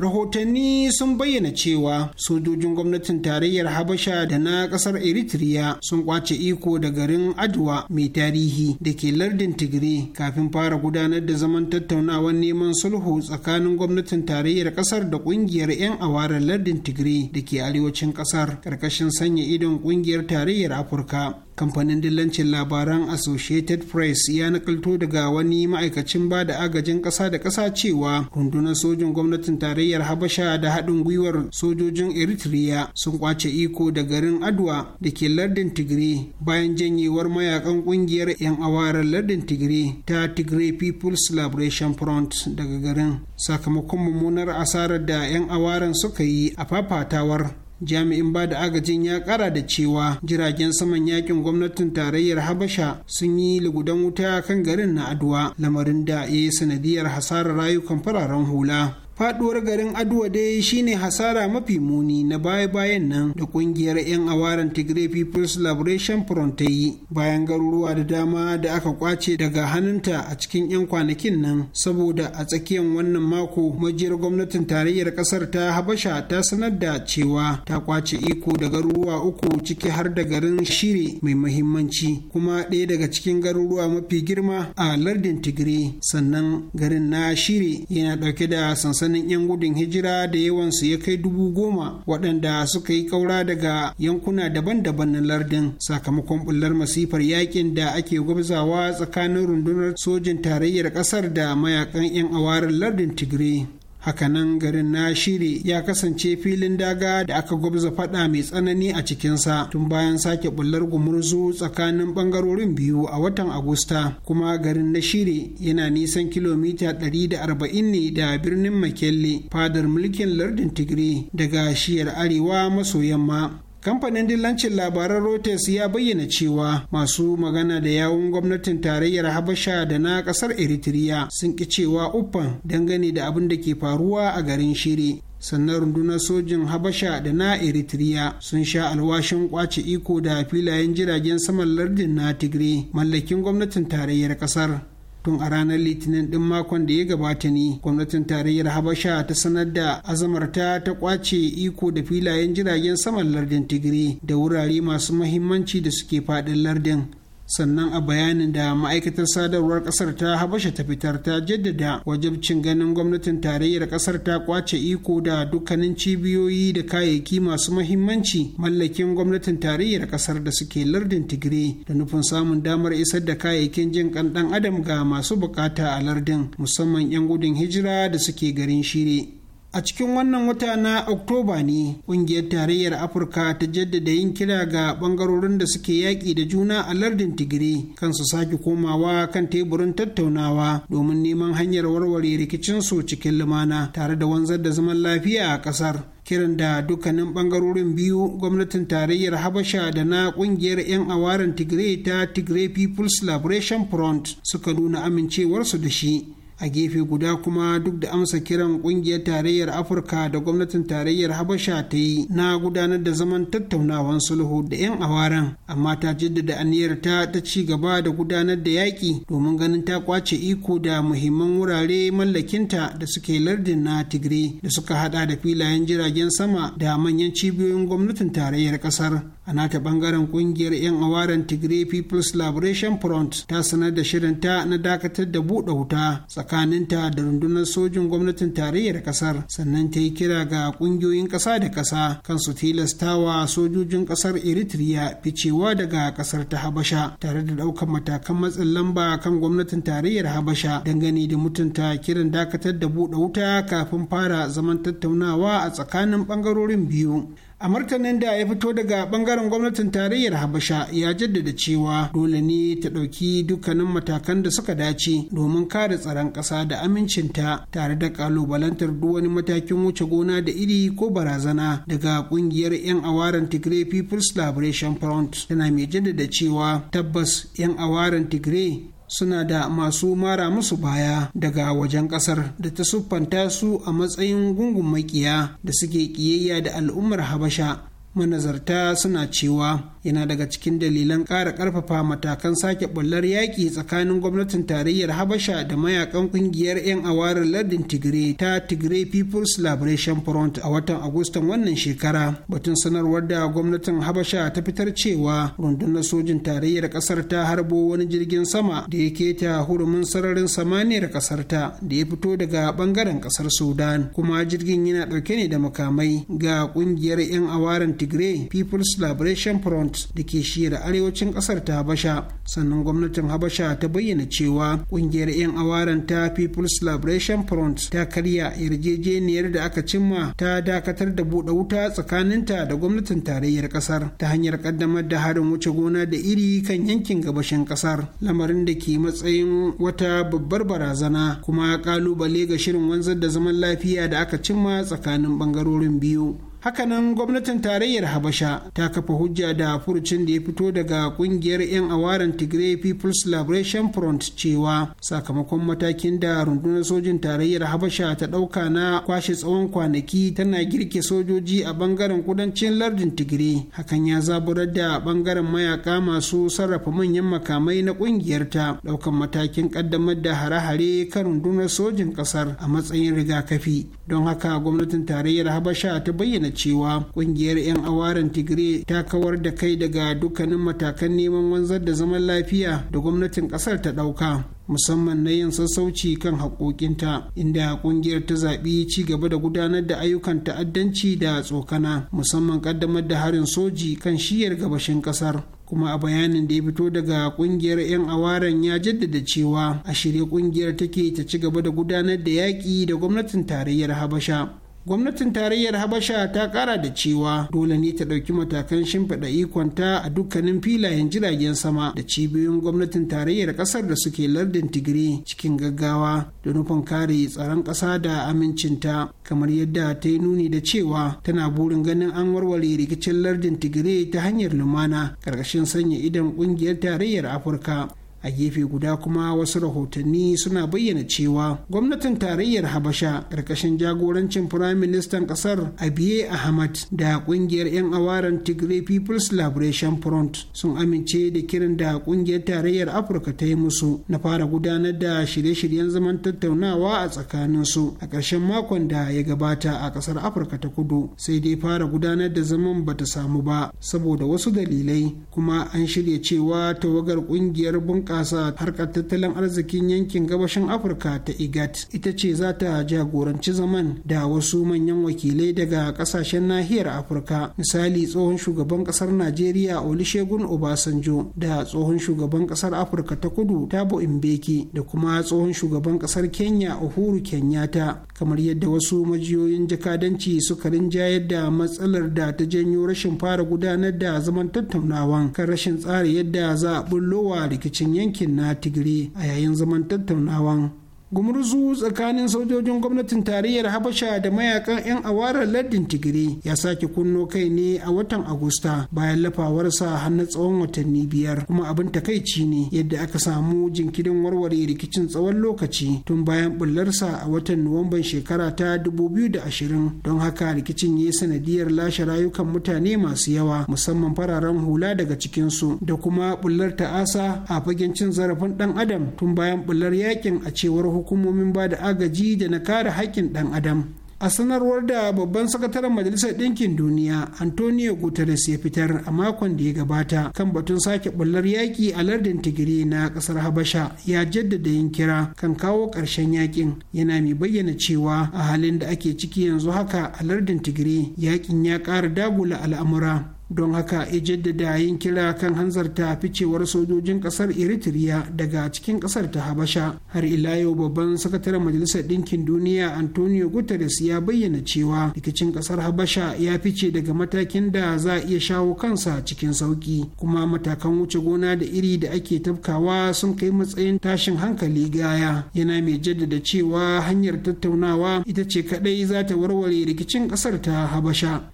rahotanni sun bayyana cewa sojojin gwamnatin tarayyar habasha da na kasar eritrea sun kwace iko da garin adwa mai tarihi da ke lardin tigray kafin fara gudanar da zaman tattaunawar neman sulhu tsakanin gwamnatin tarayyar kasar da kungiyar 'yan awarar lardin tigray da ke arewacin kasar karkashin sanya idon kungiyar tarayyar afirka kamfanin dillancin labaran associated press ya nakalto daga wani ma'aikacin ba da agajin ƙasa da ƙasa cewa rundunar sojin gwamnatin tarayyar habasha da haɗin gwiwar sojojin eritrea sun kwace iko da garin adwa da ke lardin tigray bayan janyewar mayakan ƙungiyar 'yan awarar lardin tigray ta tigray people's liberation front daga garin sakamakon mummunar asarar da 'yan awaran suka yi a fafatawar jami'in ba da agajin ya kara da cewa jiragen saman yakin gwamnatin tarayyar habasha sun yi lugudan wuta kan garin na aduwa lamarin da ya yi sanadiyar hasarar rayukan fararen hula faduwar garin aduwa dai shine hasara mafi muni na baya-bayan nan da kungiyar 'yan awaren tigray people's liberation front ta yi bayan garuruwa da dama da aka kwace daga hannunta a cikin 'yan kwanakin nan saboda a tsakiyar wannan mako majiyar gwamnatin tarayyar kasar ta habasha ta sanar da cewa ta kwace iko da garuruwa uku ciki har da garin shire mai mahimmanci kuma ɗaya daga cikin garuruwa mafi girma a lardin tigray sannan garin na shire yana ɗauke da sansanin sansanin 'yan gudun hijira da yawansu ya kai dubu goma waɗanda suka yi ƙaura daga yankuna daban-daban na lardin sakamakon bullar masifar yakin da ake gwabzawa tsakanin rundunar sojin tarayyar ƙasar da mayakan 'yan awarin lardin tigray hakanan garin na shiri ya kasance filin daga da aka gwabza fada mai tsanani a cikinsa tun bayan sake bullar gumurzu tsakanin bangarorin biyu a watan agusta kuma garin na shiri yana nisan kilomita 140 ne da birnin makelle fadar mulkin lardin tigray daga shiyar arewa maso yamma kamfanin dillancin labaran reuters ya bayyana cewa masu magana da yawun gwamnatin tarayyar habasha da na kasar eritrea sun ki cewa uffan dangane da abin da ke faruwa a garin shiri sannan rundunar sojin habasha da na eritrea sun sha alwashin kwace iko da filayen jiragen saman lardin na tigray mallakin gwamnatin tarayyar kasar tun a ranar litinin din makon da ya gabata ne gwamnatin tarayyar habasha ta sanar da azamarta ta kwace iko da filayen jiragen saman lardin tigiri da wurare masu mahimmanci da suke faɗin lardin sannan a bayanin da ma'aikatar sadarwar kasar ta habasha ta fitar ta jaddada wajibcin ganin gwamnatin tarayyar kasar ta kwace iko da dukkanin cibiyoyi da kayayyaki masu mahimmanci mallakin gwamnatin tarayyar kasar da suke lardin tigray da nufin samun damar isar da kayayyakin jin kan dan adam ga masu bukata a lardin musamman 'yan gudun hijira da suke garin shiri. A cikin wannan wata na Oktoba ne ƙungiyar tarayyar Afirka ta jaddada yin kira ga ɓangarorin da suke yaƙi da juna a lardin Tigiri kan su sake komawa kan teburin tattaunawa domin neman hanyar warware rikicinsu cikin lumana tare da wanzar da zaman lafiya a ƙasar. kiran da dukkanin ɓangarorin biyu gwamnatin tarayyar habasha da na ƙungiyar 'yan awaren tigray ta tigray people's liberation front suka nuna amincewarsu da shi a gefe guda kuma duk da amsa kiran kungiyar tarayyar afirka da gwamnatin tarayyar habasha ta yi na gudanar da zaman tattaunawan sulhu da 'yan awaran amma ta jaddada aniyar ta ta ci gaba da gudanar da yaƙi domin ganin ta kwace iko da muhimman wurare mallakinta da suke lardin na tigray da suka hada da filayen jiragen sama da manyan cibiyoyin gwamnatin tarayyar kasar a nata bangaren kungiyar 'yan awaran tigre people's liberation front ta sanar da shirinta na dakatar da buɗe wuta tsakaninta da rundunar sojin gwamnatin tarayyar kasar sannan ta yi kira ga kungiyoyin kasa da kasa kan su tilastawa sojojin kasar eritrea ficewa daga kasar ta habasha tare da ɗaukar matakan matsin lamba kan gwamnatin tarayyar habasha dangane da mutunta kiran dakatar da buɗe wuta kafin fara zaman tattaunawa a tsakanin ɓangarorin biyu a martanin da ya fito daga bangaren gwamnatin tarayyar habasha ya jaddada cewa dole ne ta ɗauki dukkanin matakan da suka dace domin kare tsaron ƙasa da amincinta tare da ƙalubalantar duk wani matakin wuce gona da iri ko barazana daga ƙungiyar 'yan awaren tigray people's liberation front tana mai jaddada cewa tabbas 'yan awaren tigray suna da masu mara musu baya daga wajen kasar da ta siffanta su a matsayin gungun makiya da suke kiyayya da al'ummar habasha manazarta suna cewa yana daga cikin dalilan ƙara ƙarfafa matakan sake ɓullar yaƙi tsakanin gwamnatin tarayyar habasha da mayakan ƙungiyar 'yan awarar lardin tigray ta tigray people's liberation front a watan agustan wannan shekara batun sanarwar da gwamnatin habasha ta fitar cewa rundunar sojin tarayyar ƙasar ta harbo wani jirgin sama da ya keta hurumin sararin samaniyar ƙasar ta da ya fito daga ɓangaren ƙasar sudan kuma jirgin yana ɗauke ne da makamai ga ƙungiyar 'yan awarar tigray people's liberation front da ke shira arewacin kasar ta habasha sannan gwamnatin habasha ta bayyana cewa kungiyar 'yan awaren ta people's liberation front ta karya yarjejeniyar da aka cimma ta dakatar da buɗe wuta tsakaninta da gwamnatin tarayyar kasar ta hanyar kaddamar da harin wuce gona da iri kan yankin gabashin kasar lamarin da ke matsayin wata babbar barazana kuma kalubale ga shirin wanzar da zaman lafiya da aka cimma tsakanin bangarorin biyu hakanan gwamnatin tarayyar habasha ta kafa hujja da furucin da ya fito daga kungiyar 'yan awaren tigray people's liberation front cewa sakamakon matakin da rundunar sojin tarayyar habasha ta ɗauka na kwashe tsawon kwanaki tana girke sojoji a bangaren kudancin lardin tigray hakan ya zaburar da bangaren mayaka masu sarrafa manyan makamai na kungiyar ta ɗaukan matakin ƙaddamar da hare-hare kan rundunar sojin ƙasar a matsayin rigakafi don haka gwamnatin tarayyar habasha ta bayyana da cewa kungiyar 'yan awaren tigre ta kawar da kai daga dukkanin matakan neman wanzar da zaman lafiya da gwamnatin kasar ta ɗauka musamman na yin sassauci kan haƙoƙinta inda ƙungiyar ta zaɓi ci gaba da gudanar da ayyukan ta'addanci da tsokana musamman ƙaddamar da harin soji kan shiyar gabashin ƙasar kuma a bayanin da ya fito daga kungiyar 'yan awaren ya jaddada cewa a shirye kungiyar take ta ci gaba da gudanar da yaƙi da gwamnatin tarayyar habasha gwamnatin tarayyar habasha ta kara da cewa dole ne ta ɗauki matakan shimfiɗa ikonta a dukkanin filayen jiragen sama da cibiyoyin gwamnatin tarayyar ƙasar da suke lardin tigiri cikin gaggawa da nufin kare tsaron ƙasa da amincinta kamar yadda ta yi nuni da cewa tana burin ganin an warware rikicin lardin tigiri ta hanyar lumana ƙarƙashin sanya idon ƙungiyar tarayyar afirka a gefe guda kuma wasu rahotanni suna bayyana cewa gwamnatin tarayyar habasha ƙarƙashin jagorancin firaministan ƙasar abiye ahmad da ƙungiyar 'yan awaren tigray people's liberation front sun amince da kiran da ƙungiyar tarayyar afirka ta yi musu na fara gudanar da shirye-shiryen zaman tattaunawa a tsakaninsu a ƙarshen makon da ya gabata a ƙasar afirka ta kudu sai dai fara gudanar da zaman bata samu ba saboda wasu dalilai kuma an shirya cewa tawagar ƙungiyar bunƙasa bunƙasa harkar tattalin arzikin yankin gabashin afirka ta igat ita ce za ta jagoranci zaman da wasu manyan wakilai daga ƙasashen nahiyar afirka misali tsohon shugaban ƙasar najeriya olusegun obasanjo da tsohon shugaban ƙasar afirka ta kudu tabo mbeki da kuma tsohon shugaban ƙasar kenya uhuru kenyatta kamar yadda wasu majiyoyin jakadanci suka rinjayar da matsalar da ta janyo rashin fara gudanar da zaman tattaunawan kan rashin tsari yadda za a bullowa rikicin yankin na tigiri a yayin zaman tattaunawan gumurzu tsakanin sojojin gwamnatin tarayyar habasha da mayakan 'yan awarar lardin tigiri ya sake kunno kai ne a watan agusta bayan lafawarsa har na tsawon watanni biyar kuma abin takaici ne yadda aka samu jinkirin warware rikicin tsawon lokaci tun bayan bullarsa a watan nuwamban shekara ta 2020 don haka rikicin ya sanadiyar lashe rayukan mutane masu yawa musamman fararen hula daga cikinsu da kuma bullar ta'asa a fagen cin zarafin dan adam tun bayan bullar yakin a cewar hukumomin ba da agaji da na kare haƙƙin ɗan adam a sanarwar da babban sakataren majalisar ɗinkin duniya antonio guterres ya fitar a makon da ya gabata kan batun sake bullar yaƙi a lardin tigiri na ƙasar habasha ya jaddada yin kira kan kawo ƙarshen yaƙin yana mai bayyana cewa a halin da ake ciki yanzu haka a lardin tigiri yaƙin ya ƙara dagula al'amura don haka ya jaddada yin kira kan hanzarta ficewar sojojin kasar eritrea daga cikin kasar ta habasha har ila yau babban sakataren majalisar ɗinkin duniya antonio guterres ya bayyana cewa rikicin kasar habasha ya fice daga matakin da za a iya shawo kansa cikin sauki kuma matakan wuce gona da iri da ake tafkawa sun kai matsayin tashin hankali gaya yana mai jaddada cewa hanyar tattaunawa ita ce kaɗai za ta warware rikicin kasar ta habasha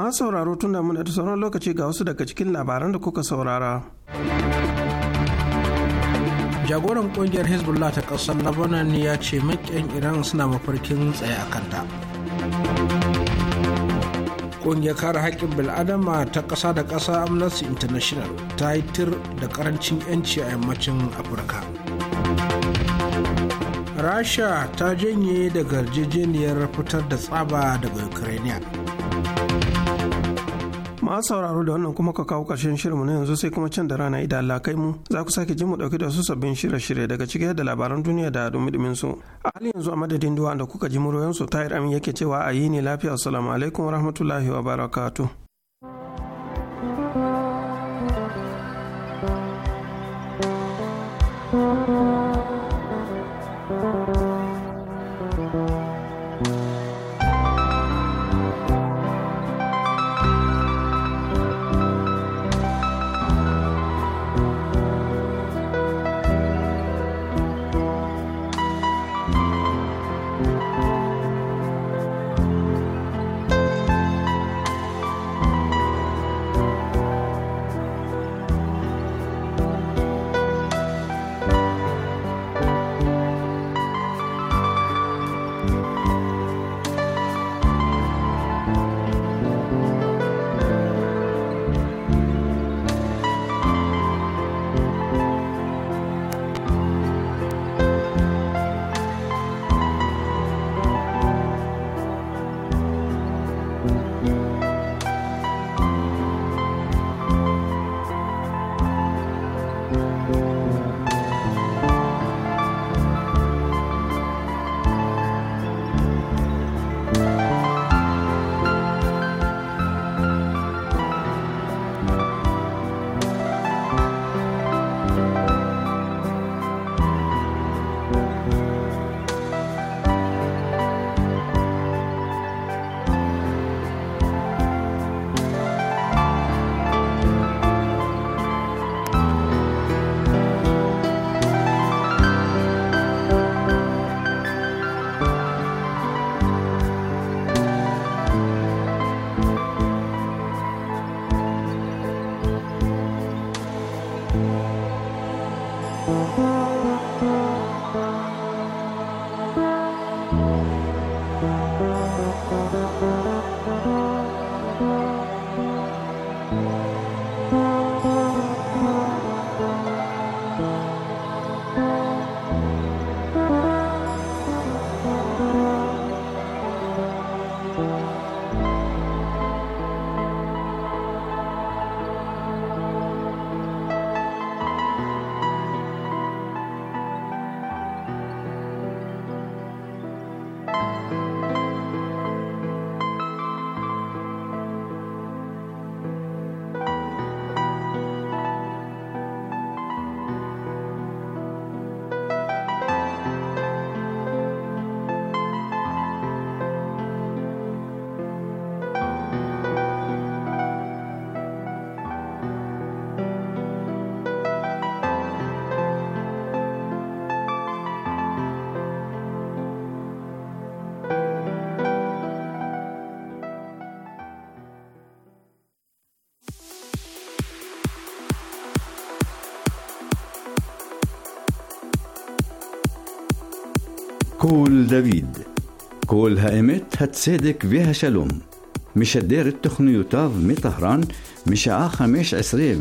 masu sauraro tun da muna da sauran lokaci ga wasu daga cikin labaran da kuka saurara. Jagoran kungiyar Hezbollah ta ƙasar Lebanon ya ce makiyan Iran suna mafarkin tsaye a kanta. Kungiyar kare haƙƙin bil'adama ta ƙasa da ƙasa Amnesty International ta yi tir da ƙarancin 'yanci a yammacin Afirka. Rasha ta janye daga yarjejeniyar fitar da tsaba daga ukrainian masu sauraro da wannan kuma ka kawo ƙarshen shirinmu na yanzu sai kuma can da rana idan Allah kai mu za ku sake ji mu dauki da su sabbin shirye-shirye daga cike da labaran duniya da dumi su a halin yanzu a madadin duwa da kuka ji muryoyin su tayar amin yake cewa a yi ne lafiya assalamu alaikum wa barakatu. שאול דוד, כל האמת, הצדק והשלום, משדר את תוכניותיו מטהרן משעה 15